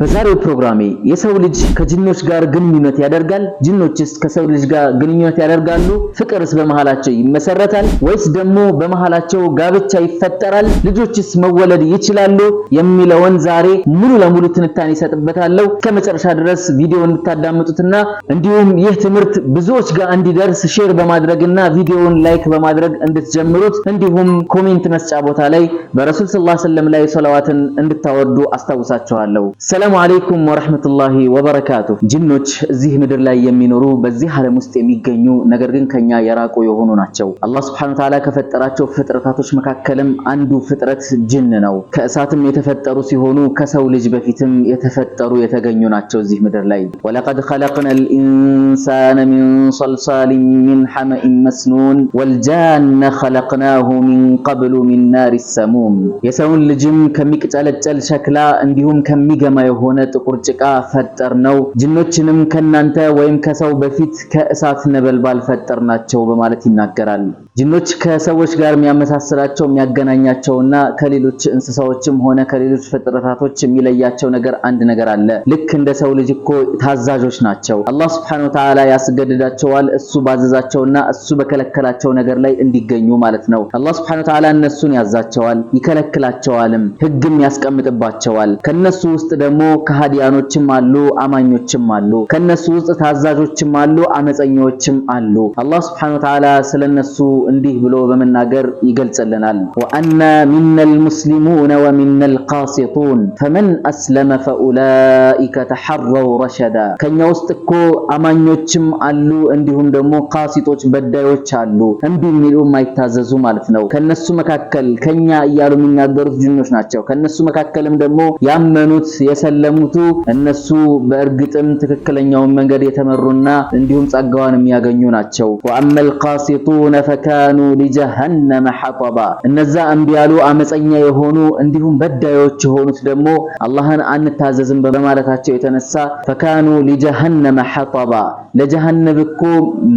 በዛሬው ፕሮግራሜ የሰው ልጅ ከጅኖች ጋር ግንኙነት ያደርጋል? ጅኖችስ ከሰው ልጅ ጋር ግንኙነት ያደርጋሉ? ፍቅርስ በመሃላቸው ይመሰረታል ወይስ ደግሞ በመሃላቸው ጋብቻ ይፈጠራል? ልጆችስ መወለድ ይችላሉ? የሚለውን ዛሬ ሙሉ ለሙሉ ትንታኔ ይሰጥበታለሁ። እስከ መጨረሻ ድረስ ቪዲዮ እንድታዳምጡትና እንዲሁም ይህ ትምህርት ብዙዎች ጋር እንዲደርስ ሼር በማድረግና ቪዲዮውን ላይክ በማድረግ እንድትጀምሩት እንዲሁም ኮሜንት መስጫ ቦታ ላይ በረሱል ሰለላሁ ዐለይሂ ወሰለም ላይ ሰላዋትን እንድታወርዱ አስታውሳችኋለሁ። አሰላሙ አለይኩም ወረህመቱላሂ ወበረካቱ። ጅኖች እዚህ ምድር ላይ የሚኖሩ በዚህ ዓለም ውስጥ የሚገኙ ነገር ግን ከኛ የራቁ የሆኑ ናቸው። አላህ ስብሐነሁ ወተዓላ ከፈጠራቸው ፍጥረታቶች መካከልም አንዱ ፍጥረት ጅን ነው። ከእሳትም የተፈጠሩ ሲሆኑ ከሰው ልጅ በፊትም የተፈጠሩ የተገኙ ናቸው እዚህ ምድር ላይ። ወለቀድ ኸለቅነል ኢንሳነ ሚን ሰልሳሊን ሚን ሐመኢን መስኑን ወልጃነ ኸለቅናሁ ሚን ቀብሉ ሚን ናሪ ሰሙም የሰውን ልጅም ከሚቅጨለጨል ሸክላ እንዲሁም ከሚገማ የሆነ ጥቁር ጭቃ ፈጠር ነው። ጅኖችንም ከናንተ ወይም ከሰው በፊት ከእሳት ነበልባል ፈጠር ናቸው በማለት ይናገራል። ጅኖች ከሰዎች ጋር የሚያመሳስላቸው የሚያገናኛቸውና ከሌሎች እንስሳዎችም ሆነ ከሌሎች ፍጥረታቶች የሚለያቸው ነገር አንድ ነገር አለ። ልክ እንደ ሰው ልጅ እኮ ታዛዦች ናቸው። አላህ ስብሐነ ወተዓላ ያስገድዳቸዋል እሱ ባዘዛቸውና እሱ በከለከላቸው ነገር ላይ እንዲገኙ ማለት ነው። አላህ ስብሐነ ወተዓላ እነሱን ያዛቸዋል፣ ይከለክላቸዋልም፣ ህግም ያስቀምጥባቸዋል። ከነሱ ውስጥ ደግሞ ከሃዲያኖችም አሉ፣ አማኞችም አሉ። ከነሱ ውስጥ ታዛዦችም አሉ፣ አመፀኞችም አሉ። አላህ ስብሐነ ወተዓላ ስለነሱ እንዲህ ብሎ በመናገር ይገልጽልናል። ወአና ሚነል ሙስሊሙነ ወሚነል ቃሲጡን ፈመን አስለመ ፈኡላኢከ ተሐረው ረሸዳ። ከኛ ውስጥ እኮ አማኞችም አሉ እንዲሁም ደግሞ ቃሲጦች በዳዮች አሉ፣ እምቢ የሚሉ የማይታዘዙ ማለት ነው። ከነሱ መካከል ከኛ እያሉ የሚናገሩት ጅኖች ናቸው። ከነሱ መካከልም ደግሞ ያመኑት የሰለሙቱ እነሱ በእርግጥም ትክክለኛውን መንገድ የተመሩና እንዲሁም ጸጋዋን የሚያገኙ ናቸው። ወአመል ቃሲጡነ ወካኑ ሊጀሃነመ ሐጠባ። እነዛ እምቢያሉ አመፀኛ የሆኑ እንዲሁም በዳዮች የሆኑት ደግሞ አላህን አንታዘዝም በማለታቸው የተነሳ ፈካኑ ሊጀሃነመ ሐጠባ ለጀሃነም እኮ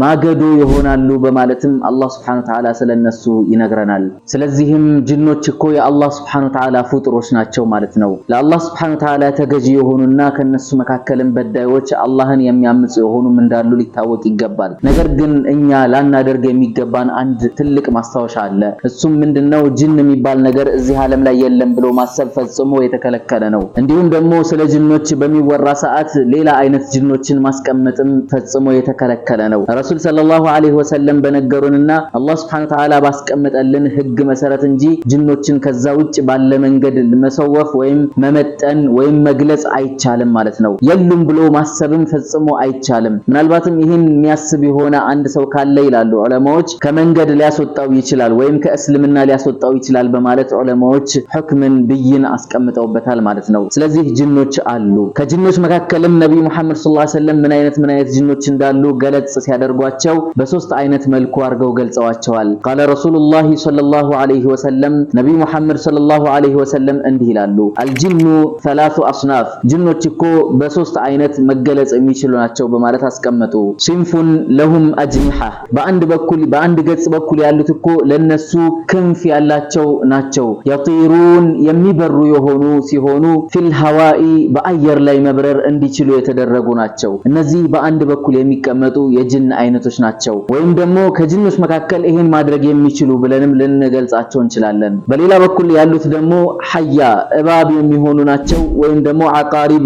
ማገዶ ይሆናሉ በማለትም አላህ ሱብሓነሁ ወተዓላ ስለነሱ ይነግረናል። ስለዚህም ጅኖች እኮ የአላህ ሱብሓነሁ ወተዓላ ፍጡሮች ናቸው ማለት ነው። ለአላህ ሱብሓነሁ ወተዓላ ተገዢ የሆኑና ከነሱ መካከልም በዳዮች አላህን የሚያምፁ የሆኑም እንዳሉ ሊታወቅ ይገባል። ነገር ግን እኛ ላናደርግ የሚገባን አንድ ትልቅ ማስታወሻ አለ። እሱም ምንድነው? ጅን የሚባል ነገር እዚህ ዓለም ላይ የለም ብሎ ማሰብ ፈጽሞ የተከለከለ ነው። እንዲሁም ደግሞ ስለ ጅኖች በሚወራ ሰዓት ሌላ አይነት ጅኖችን ማስቀመጥም ፈጽሞ የተከለከለ ነው። ረሱል ሰለላሁ ዐለይሂ ወሰለም በነገሩንና አላህ ሱብሐነሁ ወተዓላ ባስቀመጠልን ህግ መሰረት እንጂ ጅኖችን ከዛ ውጭ ባለ መንገድ መሰወፍ ወይም መመጠን ወይም መግለጽ አይቻልም ማለት ነው። የሉም ብሎ ማሰብም ፈጽሞ አይቻልም። ምናልባትም ይህን የሚያስብ የሆነ አንድ ሰው ካለ ይላሉ ዑለማዎች ከመን መንገድ ሊያስወጣው ይችላል ወይም ከእስልምና ሊያስወጣው ይችላል በማለት ዑለማዎች ህክምን ብይን አስቀምጠውበታል ማለት ነው። ስለዚህ ጅኖች አሉ። ከጅኖች መካከልም ነቢዩ ሙሐመድ ሰለላሁ ዐለይሂ ወሰለም ምን አይነት ምን አይነት ጅኖች እንዳሉ ገለጽ ሲያደርጓቸው በሶስት አይነት መልኩ አድርገው ገልጸዋቸዋል። ቃለ ረሱሉላሂ ሰለላሁ ዐለይሂ ወሰለም ነቢዩ ሙሐመድ ሰለላሁ ዐለይሂ ወሰለም እንዲህ ይላሉ፣ አልጅኑ ሰላቱ አስናፍ ጅኖች እኮ በሶስት አይነት መገለጽ የሚችሉ ናቸው በማለት አስቀመጡ። ሲንፉን ለሁም አጅኒሐ በአንድ በኩል በአንድ ገጽ በገጽ በኩል ያሉት እኮ ለነሱ ክንፍ ያላቸው ናቸው። የጢሩን የሚበሩ የሆኑ ሲሆኑ ፊል ሀዋኢ በአየር ላይ መብረር እንዲችሉ የተደረጉ ናቸው። እነዚህ በአንድ በኩል የሚቀመጡ የጅን አይነቶች ናቸው። ወይም ደግሞ ከጅኖች መካከል ይሄን ማድረግ የሚችሉ ብለንም ልንገልጻቸው እንችላለን። በሌላ በኩል ያሉት ደግሞ ሐያ እባብ የሚሆኑ ናቸው። ወይም ደግሞ አቃሪብ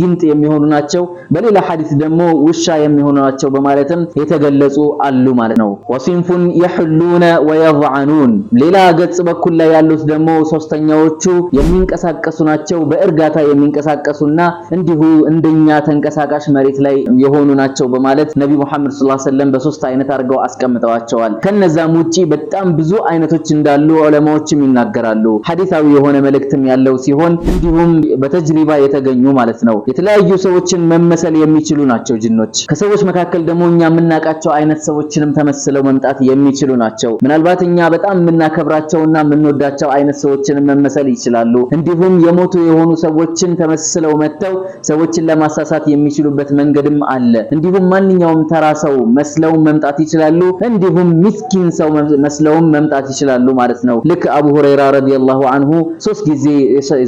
ጊንጥ የሚሆኑ ናቸው። በሌላ ሐዲስ ደግሞ ውሻ የሚሆኑ ናቸው በማለትም የተገለጹ አሉ ማለት ነው። ወሲንፉ ሰልፉን የሕሉነ ወየዝዓኑን። ሌላ ገጽ በኩል ላይ ያሉት ደግሞ ሶስተኛዎቹ የሚንቀሳቀሱ ናቸው፣ በእርጋታ የሚንቀሳቀሱና እንዲሁ እንደኛ ተንቀሳቃሽ መሬት ላይ የሆኑ ናቸው በማለት ነቢ ሙሐመድ ሰለላሁ ዐለይሂ ወሰለም በሶስት አይነት አድርገው አስቀምጠዋቸዋል። ከነዛም ውጪ በጣም ብዙ አይነቶች እንዳሉ ዑለማዎችም ይናገራሉ። ሐዲታዊ የሆነ መልእክትም ያለው ሲሆን እንዲሁም በተጅሪባ የተገኙ ማለት ነው። የተለያዩ ሰዎችን መመሰል የሚችሉ ናቸው ጅኖች። ከሰዎች መካከል ደግሞ እኛ የምናውቃቸው አይነት ሰዎችንም ተመስለው መምጣት የሚችሉ ናቸው። ምናልባት እኛ በጣም የምናከብራቸውና የምንወዳቸው አይነት ሰዎችን መመሰል ይችላሉ። እንዲሁም የሞቱ የሆኑ ሰዎችን ተመስለው መጥተው ሰዎችን ለማሳሳት የሚችሉበት መንገድም አለ። እንዲሁም ማንኛውም ተራ ሰው መስለውም መምጣት ይችላሉ። እንዲሁም ምስኪን ሰው መስለውም መምጣት ይችላሉ ማለት ነው። ልክ አቡ ሁረይራ ረዲየላሁ አንሁ ሶስት ጊዜ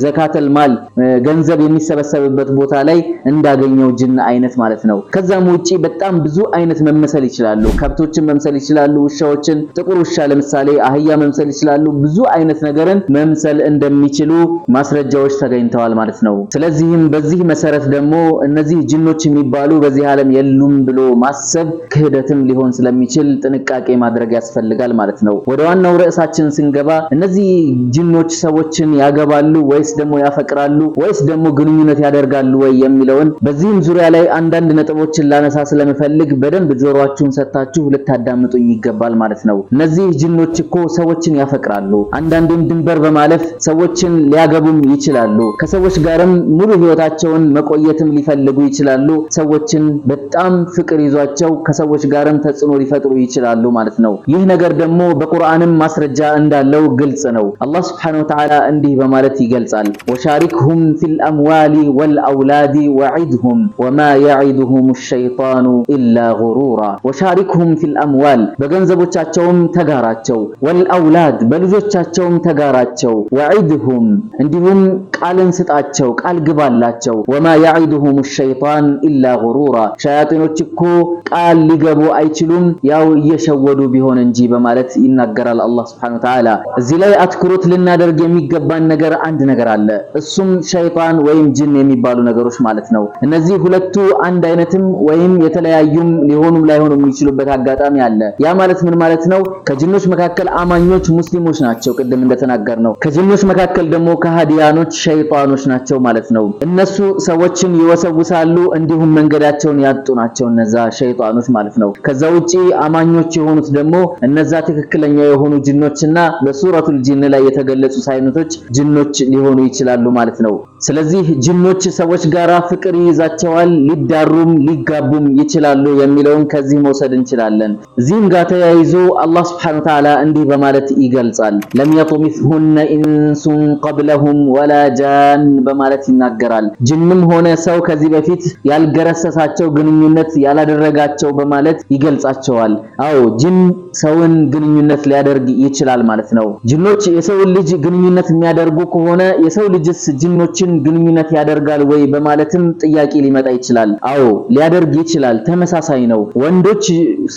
ዘካተል ማል ገንዘብ የሚሰበሰብበት ቦታ ላይ እንዳገኘው ጅን አይነት ማለት ነው። ከዛም ውጪ በጣም ብዙ አይነት መመሰል ይችላሉ። ከብቶችን መምሰል ይችላሉ። ውሻዎችን ጥቁር ውሻ ለምሳሌ አህያ መምሰል ይችላሉ። ብዙ አይነት ነገርን መምሰል እንደሚችሉ ማስረጃዎች ተገኝተዋል ማለት ነው። ስለዚህም በዚህ መሰረት ደግሞ እነዚህ ጅኖች የሚባሉ በዚህ ዓለም የሉም ብሎ ማሰብ ክህደትም ሊሆን ስለሚችል ጥንቃቄ ማድረግ ያስፈልጋል ማለት ነው። ወደ ዋናው ርዕሳችን ስንገባ እነዚህ ጅኖች ሰዎችን ያገባሉ ወይስ ደግሞ ያፈቅራሉ ወይስ ደግሞ ግንኙነት ያደርጋሉ ወይ የሚለውን በዚህም ዙሪያ ላይ አንዳንድ ነጥቦችን ላነሳ ስለምፈልግ በደንብ ጆሮአችሁን ሰጥታችሁ ልታዳምጡኝ ይገባል። ይገባል ማለት ነው። እነዚህ ጅኖች እኮ ሰዎችን ያፈቅራሉ። አንዳንዴም ድንበር በማለፍ ሰዎችን ሊያገቡም ይችላሉ። ከሰዎች ጋርም ሙሉ ህይወታቸውን መቆየትም ሊፈልጉ ይችላሉ። ሰዎችን በጣም ፍቅር ይዟቸው ከሰዎች ጋርም ተጽዕኖ ሊፈጥሩ ይችላሉ ማለት ነው። ይህ ነገር ደግሞ በቁርአንም ማስረጃ እንዳለው ግልጽ ነው። አላህ Subhanahu Wa እንዲህ በማለት ይገልጻል። ወሻሪክሁም ፊል አምዋሊ ወል አውላዲ ወዒድሁም ወማ የዒዱሁም الشيطان إلا غرورا وشاركهم في الأموال በገንዘቦቻቸውም ተጋራቸው፣ ወልአውላድ በልጆቻቸውም ተጋራቸው፣ ወዒድሁም እንዲሁም ቃልን ስጣቸው፣ ቃል ግባላቸው። ወማ ያዒድሁም ሸይጣን ኢላ ጉሩራ ሸያጢኖች እኮ ቃል ሊገቡ አይችሉም ያው እየሸወዱ ቢሆን እንጂ በማለት ይናገራል አላህ ሱብሓነሁ ወተዓላ። እዚህ ላይ አትኩሮት ልናደርግ የሚገባን ነገር አንድ ነገር አለ። እሱም ሸይጣን ወይም ጅን የሚባሉ ነገሮች ማለት ነው። እነዚህ ሁለቱ አንድ አይነትም ወይም የተለያዩም ሊሆኑም ላይሆኑም የሚችሉበት አጋጣሚ አለ። ማለት ምን ማለት ነው? ከጅኖች መካከል አማኞች ሙስሊሞች ናቸው፣ ቅድም እንደተናገር ነው። ከጅኖች መካከል ደግሞ ከሃዲያኖች ሸይጣኖች ናቸው ማለት ነው። እነሱ ሰዎችን ይወሰውሳሉ፣ እንዲሁም መንገዳቸውን ያጡ ናቸው እነዛ ሸይጣኖች ማለት ነው። ከዛ ውጪ አማኞች የሆኑት ደግሞ እነዛ ትክክለኛ የሆኑ ጅኖችና በሱረቱል ጂን ላይ የተገለጹ ሳይነቶች ጅኖች ሊሆኑ ይችላሉ ማለት ነው። ስለዚህ ጅኖች ሰዎች ጋራ ፍቅር ይይዛቸዋል፣ ሊዳሩም ሊጋቡም ይችላሉ የሚለውን ከዚህ መውሰድ እንችላለን። እዚህም ጋር ተያይዞ አላህ ስብሐነሁ ወተዓላ እንዲህ በማለት ይገልጻል። ለም የጡሚስሁነ ኢንሱን ቀብለሁም ወላ ጃን በማለት ይናገራል። ጅንም ሆነ ሰው ከዚህ በፊት ያልገረሰሳቸው ግንኙነት ያላደረጋቸው በማለት ይገልጻቸዋል። አዎ ጅን ሰውን ግንኙነት ሊያደርግ ይችላል ማለት ነው። ጅኖች የሰውን ልጅ ግንኙነት የሚያደርጉ ከሆነ የሰው ልጅስ ጅኖችን ግንኙነት ያደርጋል ወይ በማለትም ጥያቄ ሊመጣ ይችላል። አዎ ሊያደርግ ይችላል። ተመሳሳይ ነው። ወንዶች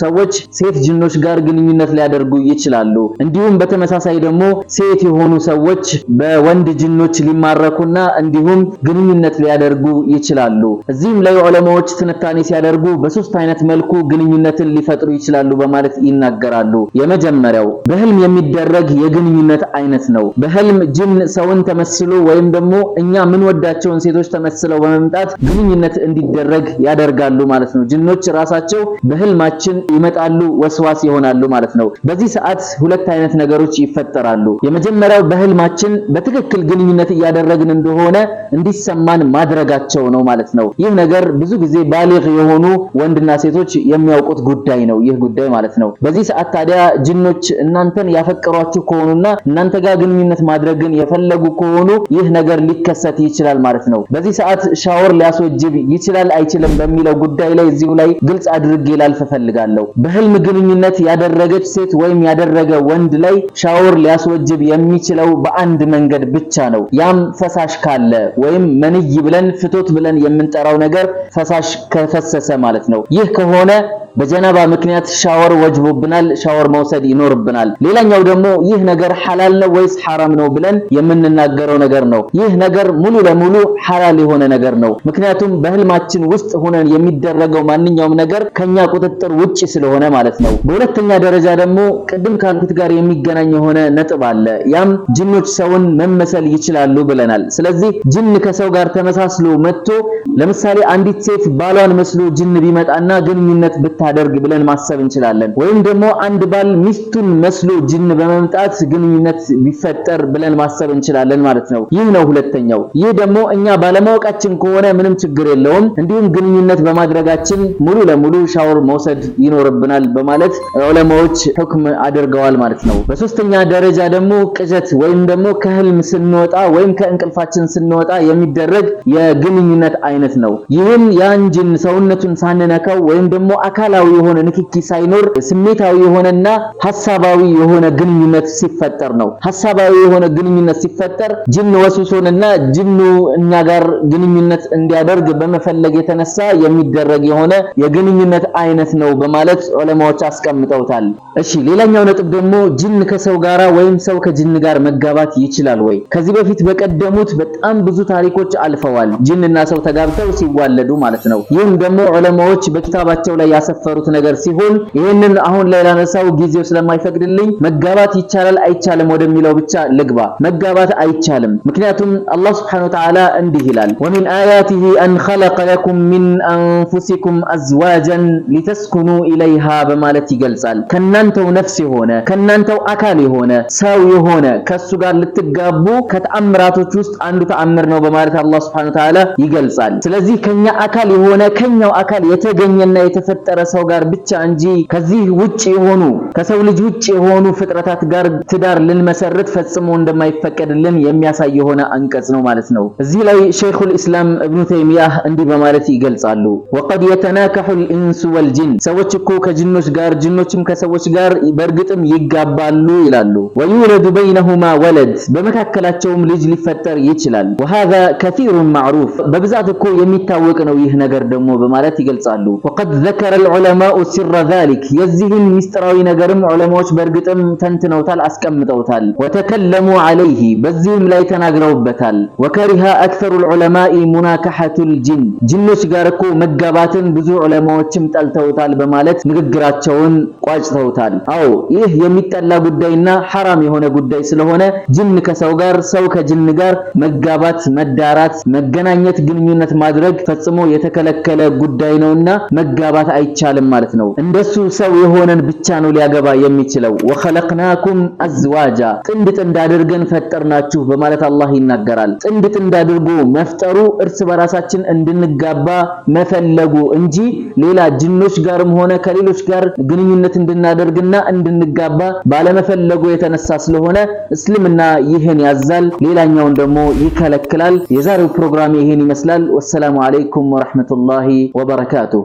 ሰዎች ሴት ጅኖች ወንዶች ጋር ግንኙነት ሊያደርጉ ይችላሉ። እንዲሁም በተመሳሳይ ደግሞ ሴት የሆኑ ሰዎች በወንድ ጅኖች ሊማረኩና እንዲሁም ግንኙነት ሊያደርጉ ይችላሉ። እዚህም ላይ ዑለማዎች ትንታኔ ሲያደርጉ በሶስት አይነት መልኩ ግንኙነትን ሊፈጥሩ ይችላሉ በማለት ይናገራሉ። የመጀመሪያው በህልም የሚደረግ የግንኙነት አይነት ነው። በህልም ጅን ሰውን ተመስሎ ወይም ደግሞ እኛ ምንወዳቸውን ሴቶች ተመስለው በመምጣት ግንኙነት እንዲደረግ ያደርጋሉ ማለት ነው። ጅኖች ራሳቸው በህልማችን ይመጣሉ፣ ወስዋስ ዋስ ይሆናሉ ማለት ነው። በዚህ ሰዓት ሁለት አይነት ነገሮች ይፈጠራሉ። የመጀመሪያው በህልማችን በትክክል ግንኙነት እያደረግን እንደሆነ እንዲሰማን ማድረጋቸው ነው ማለት ነው። ይህ ነገር ብዙ ጊዜ ባሊግ የሆኑ ወንድና ሴቶች የሚያውቁት ጉዳይ ነው። ይህ ጉዳይ ማለት ነው። በዚህ ሰዓት ታዲያ ጅኖች እናንተን ያፈቀሯችሁ ከሆኑና እናንተ ጋር ግንኙነት ማድረግን የፈለጉ ከሆኑ ይህ ነገር ሊከሰት ይችላል ማለት ነው። በዚህ ሰዓት ሻወር ሊያስወጅብ ይችላል አይችልም በሚለው ጉዳይ ላይ እዚሁ ላይ ግልጽ አድርጌ ላልፍ እፈልጋለሁ። በህልም ግንኙነት ሂደት ያደረገች ሴት ወይም ያደረገ ወንድ ላይ ሻወር ሊያስወጅብ የሚችለው በአንድ መንገድ ብቻ ነው። ያም ፈሳሽ ካለ ወይም መንይ ብለን ፍቶት ብለን የምንጠራው ነገር ፈሳሽ ከፈሰሰ ማለት ነው። ይህ ከሆነ በጀናባ ምክንያት ሻወር ወጅቦብናል፣ ሻወር መውሰድ ይኖርብናል። ሌላኛው ደግሞ ይህ ነገር ሐላል ነው ወይስ ሐራም ነው ብለን የምንናገረው ነገር ነው። ይህ ነገር ሙሉ ለሙሉ ሐላል የሆነ ነገር ነው። ምክንያቱም በህልማችን ውስጥ ሆነን የሚደረገው ማንኛውም ነገር ከኛ ቁጥጥር ውጪ ስለሆነ ማለት ነው። በሁለተኛ ደረጃ ደግሞ ቅድም ካልኩት ጋር የሚገናኝ የሆነ ነጥብ አለ። ያም ጅኖች ሰውን መመሰል ይችላሉ ብለናል። ስለዚህ ጅን ከሰው ጋር ተመሳስሎ መጥቶ ለምሳሌ አንዲት ሴት ባሏን መስሎ ጅን ቢመጣና ግንኙነት ብታደርግ ብለን ማሰብ እንችላለን። ወይም ደግሞ አንድ ባል ሚስቱን መስሎ ጅን በመምጣት ግንኙነት ቢፈጠር ብለን ማሰብ እንችላለን ማለት ነው። ይህ ነው ሁለተኛው። ይህ ደግሞ እኛ ባለማወቃችን ከሆነ ምንም ችግር የለውም። እንዲሁም ግንኙነት በማድረጋችን ሙሉ ለሙሉ ሻወር መውሰድ ይኖርብናል በማለት ዑለማዎች ሁክም አድርገዋል ማለት ነው። በሶስተኛ ደረጃ ደግሞ ቅዠት ወይም ደግሞ ከህልም ስንወጣ ወይም ከእንቅልፋችን ስንወጣ የሚደረግ የግንኙነት አይነት ነው። ይህም ያን ጅን ሰውነቱን ሳንነካው ወይም ደግሞ አካል አካላዊ የሆነ ንክኪ ሳይኖር ስሜታዊ የሆነና ሐሳባዊ የሆነ ግንኙነት ሲፈጠር ነው። ሐሳባዊ የሆነ ግንኙነት ሲፈጠር ጅን ወስውሶንና ጅኑ እኛ ጋር ግንኙነት እንዲያደርግ በመፈለግ የተነሳ የሚደረግ የሆነ የግንኙነት አይነት ነው በማለት ዑለማዎች አስቀምጠውታል። እሺ፣ ሌላኛው ነጥብ ደግሞ ጅን ከሰው ጋር ወይም ሰው ከጅን ጋር መጋባት ይችላል ወይ? ከዚህ በፊት በቀደሙት በጣም ብዙ ታሪኮች አልፈዋል። ጅንና ሰው ተጋብተው ሲዋለዱ ማለት ነው። ይህም ደግሞ ዑለማዎች በኪታባቸው ላይ ያሰ ያሰፈሩት ነገር ሲሆን ይህንን አሁን ላይ ላነሳው ጊዜው ስለማይፈቅድልኝ መጋባት ይቻላል አይቻልም ወደሚለው ብቻ ልግባ። መጋባት አይቻልም። ምክንያቱም አላህ ስብሐነሁ ወተዓላ እንዲህ ይላል ወሚን አያቲሂ አን ኸለቀ ለኩም ሚን አንፉሲኩም አዝዋጀን ሊተስኩኑ ኢለይሃ በማለት ይገልጻል። ከናንተው ነፍስ የሆነ ከናንተው አካል የሆነ ሰው የሆነ ከሱ ጋር ልትጋቡ ከተአምራቶች ውስጥ አንዱ ተአምር ነው በማለት አላህ ስብሐነሁ ወተዓላ ይገልጻል። ስለዚህ ከኛ አካል የሆነ ከኛው አካል የተገኘና የተፈጠረ ሰው ጋር ብቻ እንጂ ከዚህ ውጭ የሆኑ ከሰው ልጅ ውጭ የሆኑ ፍጥረታት ጋር ትዳር ልንመሰርት ፈጽሞ እንደማይፈቀድልን የሚያሳይ የሆነ አንቀጽ ነው ማለት ነው። እዚህ ላይ ሸይኹል ኢስላም እብኑ ተይሚያህ እንዲህ በማለት ይገልጻሉ። ወቀድ የተናከሑል ኢንሱ ወልጅን ሰዎች እኮ ከጅኖች ጋር ጅኖችም ከሰዎች ጋር በእርግጥም ይጋባሉ ይላሉ። ወዩለዱ በይነሁማ ወለድ በመካከላቸውም ልጅ ሊፈጠር ይችላል። ወሃዛ ከሲሩን ማዕሩፍ በብዛት እኮ የሚታወቅ ነው ይህ ነገር ደግሞ በማለት ይገልጻሉ። ወቀድ ዘከረ ዑለማኡ ሲረ ዛሊክ የዚህን ሚስጥራዊ ነገርም ዑለማዎች በእርግጥም ተንትነውታል፣ አስቀምጠውታል። ወተከለሙ ዓለይሂ በዚህም ላይ ተናግረውበታል። ወከሪሃ አክሰሩል ዑለማኢ ሙናካሐቱል ጅን ጅኖች ጋር እኮ መጋባትን ብዙ ዑለማዎችም ጠልተውታል በማለት ንግግራቸውን ቋጭተውታል። አዎ ይህ የሚጠላ ጉዳይና ሐራም የሆነ ጉዳይ ስለሆነ ጅን ከሰው ጋር፣ ሰው ከጅን ጋር መጋባት፣ መዳራት፣ መገናኘት፣ ግንኙነት ማድረግ ፈጽሞ የተከለከለ ጉዳይ ነውና መጋባት አይቻልም። አይቻልም ማለት ነው። እንደሱ ሰው የሆነን ብቻ ነው ሊያገባ የሚችለው። ወኸለቅናኩም አዝዋጃ ጥንድ ጥንድ አድርገን ፈጠርናችሁ በማለት አላህ ይናገራል። ጥንድ ጥንድ አድርጎ መፍጠሩ እርስ በራሳችን እንድንጋባ መፈለጉ እንጂ ሌላ ጅኖች ጋርም ሆነ ከሌሎች ጋር ግንኙነት እንድናደርግና እንድንጋባ ባለመፈለጉ የተነሳ ስለሆነ እስልምና ይህን ያዛል፣ ሌላኛውን ደግሞ ይከለክላል። የዛሬው ፕሮግራም ይህን ይመስላል። ወሰላሙ አለይኩም ወራህመቱላሂ ወበረካቱሁ።